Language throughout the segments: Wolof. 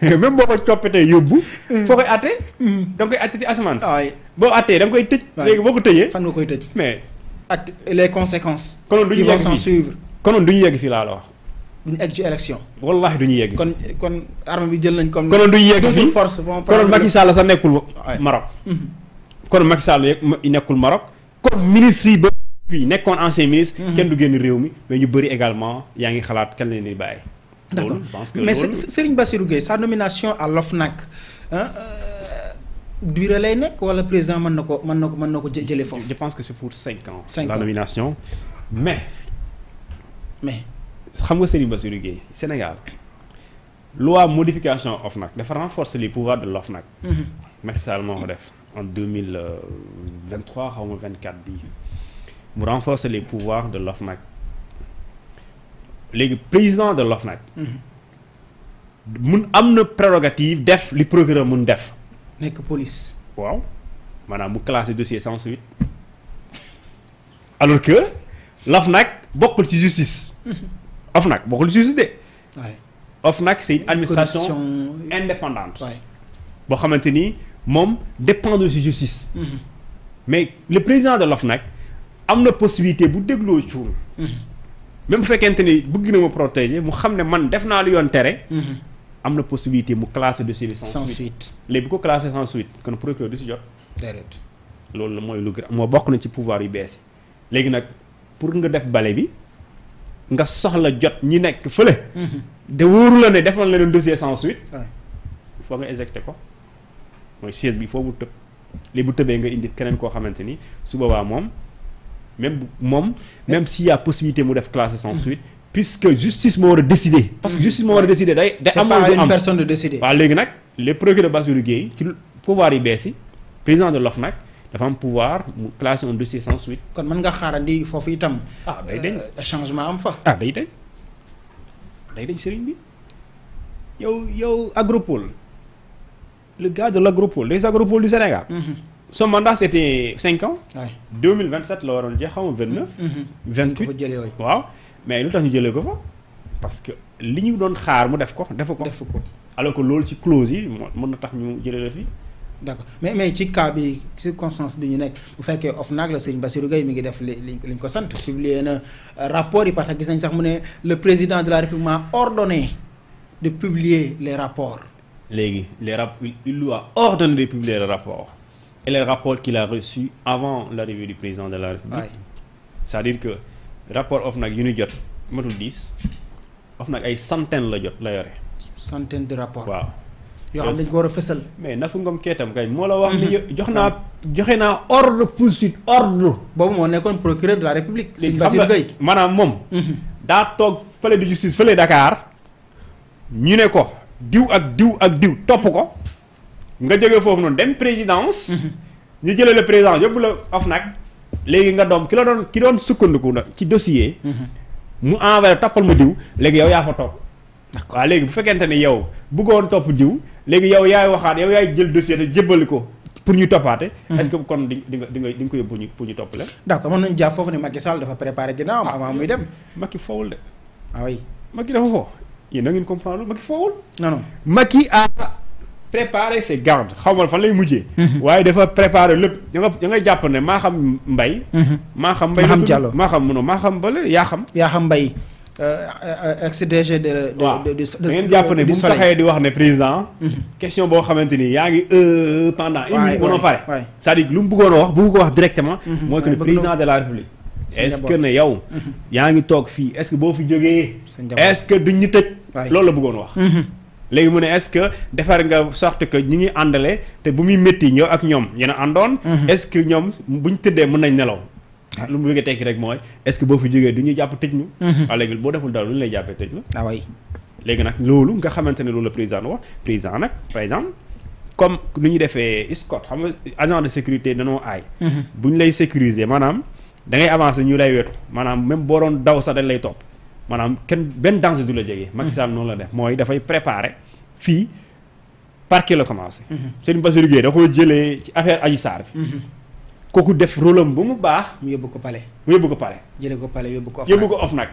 même boo ko coppitee yóbbu. Mm. foo koy àttee. Mm. da nga koy àtte ci asamaan si. waay boo àttee da koy tëj. waay léegi boo ko tëjee. fan nga koy tëj mais. ak les conséquence konoon du ñu yegg fii suivre. konoon ñu yegg fii laa la wax. du ñu egg ci élection. wallaahi du ñu yegg. kon kon arme bi jël nañ comme. konoon du ñu yegg fii force vont mm-hmm. konoon Macky Sall sa nekkul Maroc. konoon Macky Sall nekkul Maroc. comme ministre yi ba. fii nekkoon ancien ministre. Mm-hmm. kenn du génn réew mi mais ñu bëri également yaa ngi xalaat kenn leen di bàyyi. loolu parce que mais ba Bassirou Gueye sa nomination à l'OFNAC euh, durée lay nekk wala président mën na ko mën na ko mën na ko jëlee foofu. je pense que c'est pour cinq ans. la nomination mais. mais xam nga Serigne Bassirou Gueye Sénégal loi modification OFNAC dafa renforcer les pouvoirs de l'OFNAC. Mhm. Macky Sall def en deux mille vingt trois les pouvoirs de l'OFNAC. léegi président de l'OFNAC mun am na prérogative def li procureur mun def. nekk police. waaw maanaam mu classé dossier cent suite alors que l'OFNAC bokkul ci justice. OFNAC bokkul ci justice de. waay c'est une administration indépendante. boo xamante ni moom dépendre ci justice. Mm-hmm. mais le président de l'OFNAC am na possibilité bu dégloo cuun. même bu fekkente ni bugg na ma protéger mu xam ne man def naa lu yoon tere. Mhm. am na possibilité mu classer dossier bi. sans suite léegi bu ko classer sans suite kon procureur du si jot. déedéet loolu la mooy lu gën moo bokk na ci pouvoir yu bees yi léegi nag pour nga def bale bi nga soxla jot ñi nekk fële. de mhm. wóoru la ne def nañ leen dossier sans suite. foo nga éjecté ko mooy siège bi foo mu tëb li bu tëbee nga indi keneen koo xamante ni su boobaa moom. même moom même si y a possibilité mu def classe sans mm. suite puisque justice moo war a décider. parce que mm. justice moo war a décider day. day am pas une waaw léegi nag les procureurs de Bassirou Guèye ci pouvoir yi bees yi président de nag dafa am pouvoir mu classer un dossier sans suite. kon man nga di foofu itam. ah day deñ euh, changement am fa. Ah, day deñ day deñ sëriñ bi yow yow agropole le gars de Sénégal. Mm-hmm. son mandat c' était 5 ans. waay 2027 la waroon jeex xaw ma 29. 28 ko jëlee waay waaw mais lu tax ñu jëlee ko fa. parce que li ñu doon xaar mu def ko defu ko. defu ko alors ko loolu ci clause yi mën na tax ñu jëlee la fi. d' mais mais ci cas bi circonstance bi ñu nekk bu fekkee nag la sëñ Bassirou Gueye mi ngi def li liñ ko sant publier na euh, rapport yi parce que gis nañ sax mu ne le président de la République m'a ordonné de publier les rapports. léegi les rap il lui a ordonné de et les rapports qu'il a avant l'arrivée du président de la République c'est-à-dire que rapport OFNAC yu ñu jot matul dix OFNAC ay centaines la jot la yore centaine de rapport waaw yoo xam ne dañ ko war a fësal mais Nafi Ngom Keïta kay moo la wax ni mhm. jox ah. naa joxe naa ordre poursuite ordre boobu moo nekkoon procureur de la République Serigne Bassirou Gueye maanaam moom mhm. daa toog fële de justice fële Dakar ñu ne ko diw ak diw ak diw topp ko nga jógee foofu noonu dem présidence. Mhm. ñu jële le président yóbbu la OFNAC. léegi nga doom ki la doon ki doon na ci dossier. Mhm. mu envoyé toppal ma diw léegi yow yaa fa topp. waaw léegi bu fekkente ne yow bëggoon topp diw léegi yow yaay waxaat yow yaay jël dossier te jébbali ko. pour ñu toppaate. Mhm. est-ce kon di nga di nga di nga ko yóbbu pour ñu toppale. d'accord mën nañu jàpp foofu ne Macky Sall dafa préparé ginnaaw ah, avant muy dem. Macky foowul de. ah oui Macky dafa foo yéen da ngeen comprendre Macky foowul. non non préparer ses gardes xaw ma fan lay mujjee. Mhm. waaye dafa préparer lépp da nga da jàpp ne maa xam mbay. Mhm. maa xam mbay la maa xam munoo maa xam bële yaa xam. yaa xam mbay. Euh, euh, ex DG de de waaw jàpp ne bu mu di wax ne président. Mhm. question boo xamante ni yaa ngi euh, pendant une minute a pare. cest à lu mu bëggoon a wax bëgg ko wax directement. mooy que le président de la république. est ne yow. yaa ngi toog fii est-ce que boo fi jógee. est-ce que duñ ñu tëj. loolu la bëggoon wax. léegi mu ne est-ce que defar nga sorte que ñu ngi àndale te bu muy métti ñoo ak ñoom yéen a àndoon. Mhm. est-ce que ñoom buñ tëddee mën nañ nelaw. Ah. lu mu bëgg tekki rek mooy est-ce que boo fi jógee du ñuy jàpp tëj ñu. waaw mhm. ah, léegi boo deful dara ñu lay jàppee tëj la. ah nag loolu nga xamante ne loolu la président wax président nag par exemple. comme lu ñu defee escorte xam nga agent de sécurité dañoo aay. Mhm. bu ñu lay sécuriser maanaam da ngay avancer ñu lay wetu maanaam même boo doon daw sax dañ lay topp. maanaam kenn benn danger du la jege. Macky Sall noonu la def mooy dafay préparer fii parquet la commencé. Mhm. Serigne Bassirou Guèye da koo jëlee ci affaire Adji Sarr bi. Mhm. kooku def rôle am ba mu baax. mu yóbbu ko palais mu yóbbu ko palais. jëlee ko palais yóbbu ko. yóbbu ko OFNAC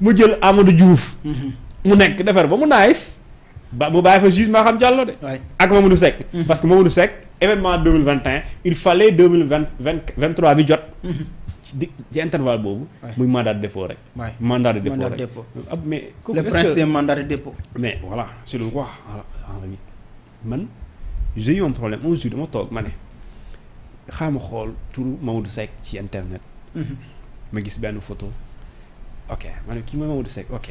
mu jël Amadou juuf mhm. mu nekk defar ba mu naayis. ba mu baax fa juge maa xam jàllo de. ak du Seck. parce que Mamadou Seck événement 2021 il vingt 2020 23 bi jot. ci ci boobu. muy mandat de dépôt rek. mandat de dépôt rek ah mais. le principe des mandats de dépôt. mais voilà c'est le roi man j'ai eu problème un jour dama toog ma ne xaaral ma xool turu Mamadou Seck ci internet. Mm-hmm. ma gis benn photo. ok ma ne kii mooy Mamadou Seck ok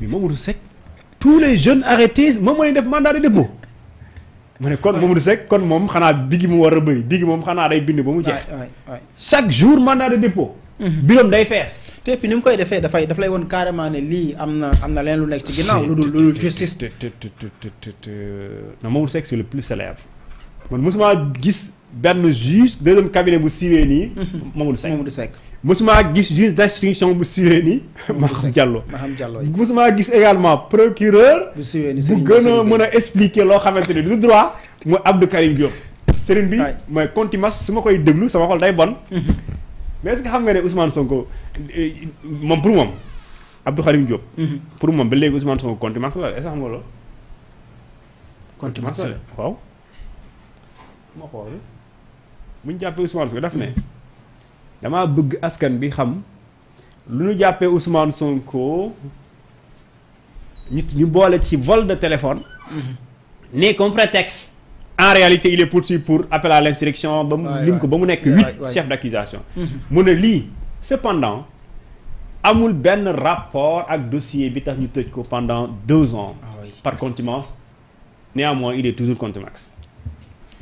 mais Mamadou Seck tous les jeunes arrêtés moom mooy def mandat de dépôt. ma ne kon Mamadou Seck kon moom xanaa bigi mu war a bëri bigi moom xanaa day bind ba mu jeex. chaque jour mandat de dépôt. biroom day fees. te puis ni mu koy defee dafay daf lay woon carrément ne lii am na am na leen lu nekk ci ginnaaw. lu dul lu dul justice. te te te te te Mamadou Seck c'est le plus célèbre. man mosuma gis benn juge deuxième cabinet bu siwee nii. Mhm. Mamadou Seck Mamadou Seck. mosuma gis juge d'instruction bu siwee nii. Maham xam Maham Diallo mosuma gis également procureur. bu siwee nii bu gën a mën a expliquer loo xamante ne du droit mooy Abdou Karim Diop. sëriñ bi mooy contumace su ma koy déglu sama xol day bon. Mhm. mais est-ce xam nga ne Ousmane Sonko eh, moom pour moom Abdou Karim Diop. Mhm. pour moom ba léegi Ousmane Sonko contumace la est-ce que xam nga loolu. contumace la waaw. ma xool bu ñu jàppee Ousmane Sonko daf ne dama bëgg askan bi xam lu ñu jàppee Ousmane Sonko ñu ñu boole ci vol de téléphone. Mhm. ne comme prétexte. en réalité il est poursuivi pour appel à l'insurrection ba mu lim ko ba mu nekk huit chefs d'accusation mhm. mu ne lii cependant amul benn rapport ak dossier bi tax ñu tëj ko pendant deux ans ah, oui. par contumace néanmoins il est toujours contumax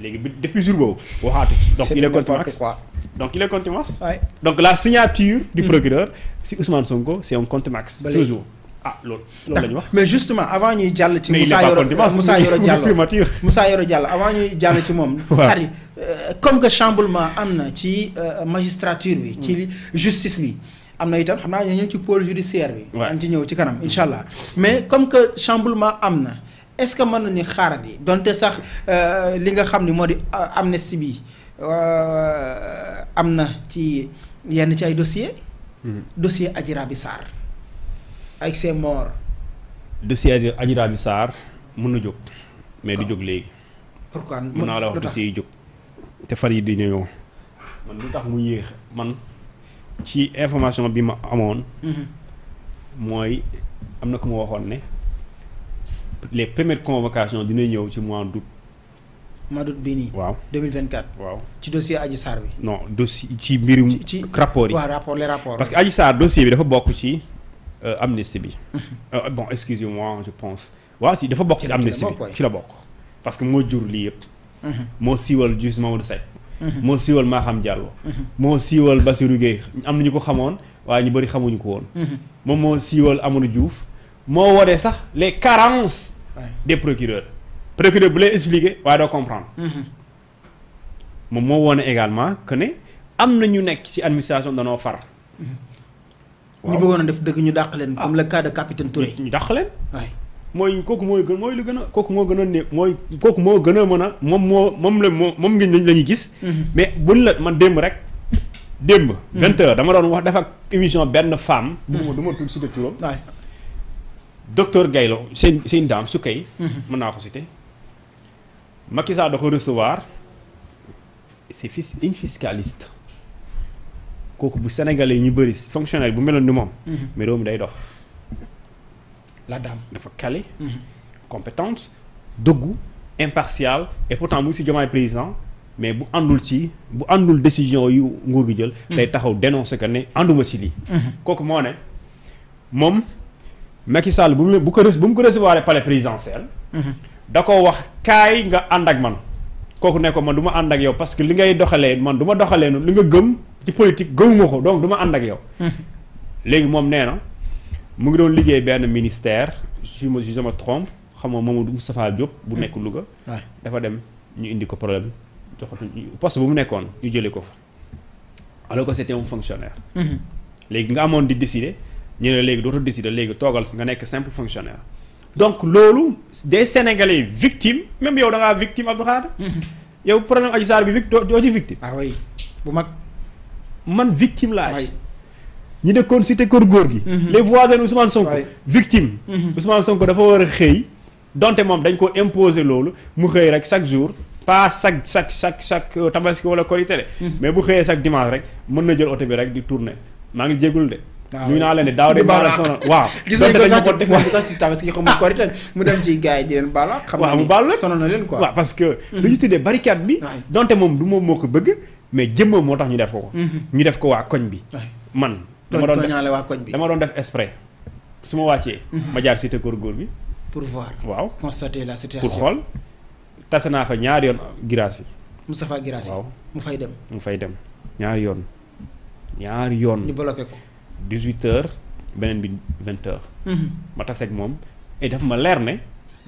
léegi bi depuis jour boobu waxaatu ci donc il est contumace donc il est contumace donc la signature du mm. procureur si Ousmane Sonko c'est un contumace toujours ah loolu loolu la ñu wax mais justement avant ñuy jàll ci Moussa Yoro Moussa Yoro Diallo Moussa Yoro Diallo avant ñuy jàll ci moom xari euh, comme que chamboulement am na ci euh, magistrature bi ci mm. justice bi am na itam xam naa ñu ñëw ci pôle judiciaire bi am ci ñëw ci kanam mm. incha allah mais comme que chamboulement am na est-ce que mën nañu yi donte sax euh, li nga xam ni moo di am euh, amnistie bi euh, am na ci yenn ci ay dossier mhm. dossier Adji Raby Sarr ak ses morts dossier Adji Raby mën na jóg mais du jóg léegi pourquoi mën naa la wax dossier yu jóg te fan yi di man lu tax mu yéex man ci information bi ma amoon mhm. mooy am na ku ma waxoon ne les premières convocations dina ñëw ci mois d'août. mois d'août bii nii. waaw 2024. waaw ci dossier Adji Sarr bi. no dossier ci mbirum. ci rapport yi waaw rapport les rapports. parce que Adji Sarr dossier bi dafa bokk ci euh, amnistie bi. Mhm. Euh, bon excusez-moi je pense. waaw ci dafa bokk ci amnistie bi ci la bokk parce que moo jur lii yëpp. Mhm. moo siiwal juste Mamadou Seck. Mhm. moo siiwal xam Diallo. moo siiwal Bassirou Guèye am na ñu ko xamoon waaye ñu bëri xamuñu ko woon. moom moo siiwal Amadou Diouf. moo waree sax les quarants des procureurs procureur bu lay expliquer waaye doo comprendre mhm. moom moo wone également que ne am na ñu nekk ci administration danoo far mhm. ñu bëggoon a def dëkk ñu dàq leen am ah. la cas de capitaine Touré ñu dàq leen waay mooy kooku mooy gën mooy lu gën a kooku moo gën a ne mooy kooku moo gën a mën a moom moo moom la moom moom ngeen la ñuy gis mhm. mais buñ la man démb rek démb vingt dama doon wax def ak émission benn femme bu ma du ma tudd si turam docteur Gaylo seen seen daam su kay mën naa ko citer Macky Sall da ko recevoir c'est fis une fiscaliste kooku bu sénégalais ñu bëri fonctionnaire bu meloon ni moom mhm. mais réew day dox la dame dafa calé mhm. compétente dëggu impartial et pourtant mu ngi si jamaay président mais bu àndul ci bu àndul décision yu nguur gi jël mhm. day taxaw dénoncer que ne ànduma si lii kooku moom Macky Sall bu bu ko bu mu ko recevoir palais présidentiel. Mhm. da ko wax kaay nga ànd ak man. kooku ne ko man duma ànd ak yow parce que li ngay doxalee man du ma doxalee noonu li nga gëm ci politique gëmuma ko donc du ma ànd ak yow. Mhm. léegi moom nee na mu ngi doon liggéey benn ministère su ma si je me trompe xam nga Mamadou Moustapha Diop. bu mhm. nekk Louga. dafa dem ñu indi ko problème joxatuñu poste bu mu nekkoon ñu jëlee ko fa. alors que c'était un fonctionnaire. léegi nga amoon di décider. ñu ne léegi dootoo décider léegi toogal nga nekk simple fonctionnaire donc loolu de sénégalais victimes même yow da ngaa victime Abdou Khadre mhm. yow problème Adji Sarr bi vic doo ci victime. ah bu mag. man victime laa ci. ñi dëkkoon cité kër góor gi. Mhm. les voisins Ousmane Sonko. victime. Mhm. Ousmane Sonko dafa war a xëy. donte moom dañ ko imposer loolu mu xëy rek chaque jour pas chaque chaque chaque chaque euh, tabaski wala korité mais bu xëyee chaque dimanche rek mën na jël oto bi rek di tourner maa ngi jégul de. waaw naa leen di daaw de baala waaw. gis nañ ko sax ci def sax ci tabaski xaw ma korite mu dem ci gars leen baala. xam mu baal na leen quoi. waaw parce que. Hmm. lu ñu de barricade bi. donte moom du moom moo ko bëgg. mais jëmmam moo tax ñu def ko ko. Hmm. ñu def ko waa koñ bi. man dama doon def waa koñ bi dama doon def exprès. su ma wàccee. Hmm. ma jaar cité góorgóor bi. pour voir waaw constater la situation pour xool. tase naa fa ñaari yoon Girassi. Moustapha Girassi waaw mu fay dem. mu fay dem ñaari yoon. ñaari yoon ñu bloqué ko. dix-huit heures beneen bi vingt heures mm-hmm. ma taseeg moom et dafa ma leer ne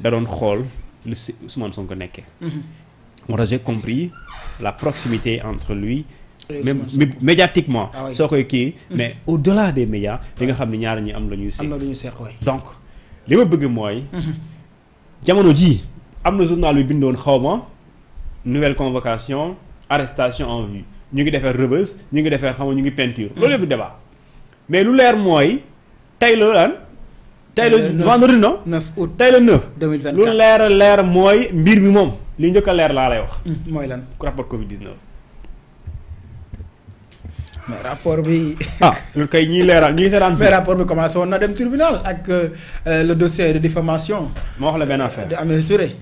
da doon xool lu si Ousmane Sonko nekkee mm-hmm. moo tax j'ai compris la proximité entre ah soo koy kii mm-hmm. mais au-delà des médias li nga xam ne ñaar ñi am la ñuy seq donc li ma bëgg mooy jamono ji am na journal bi bindoon xaw ma nouvelle convocation arrestation en vue ñu ngi defar rëbës ñu ngi defar xam ñu ngi peinture loolu yëpp débat mais lu leer mooy tey la lan tey la euh, vendredi lu leer leer mooy mbir mi moom li njëkka leer laa lay wax mm, mooy lan rapport covid 19 mais rapport bi. ah loolu kay ñiy leeral ñi ngi seetaan. mais rapport bi commencé woon na dem tribunal ak euh, le dossier de diffamation moo wax la benn affaire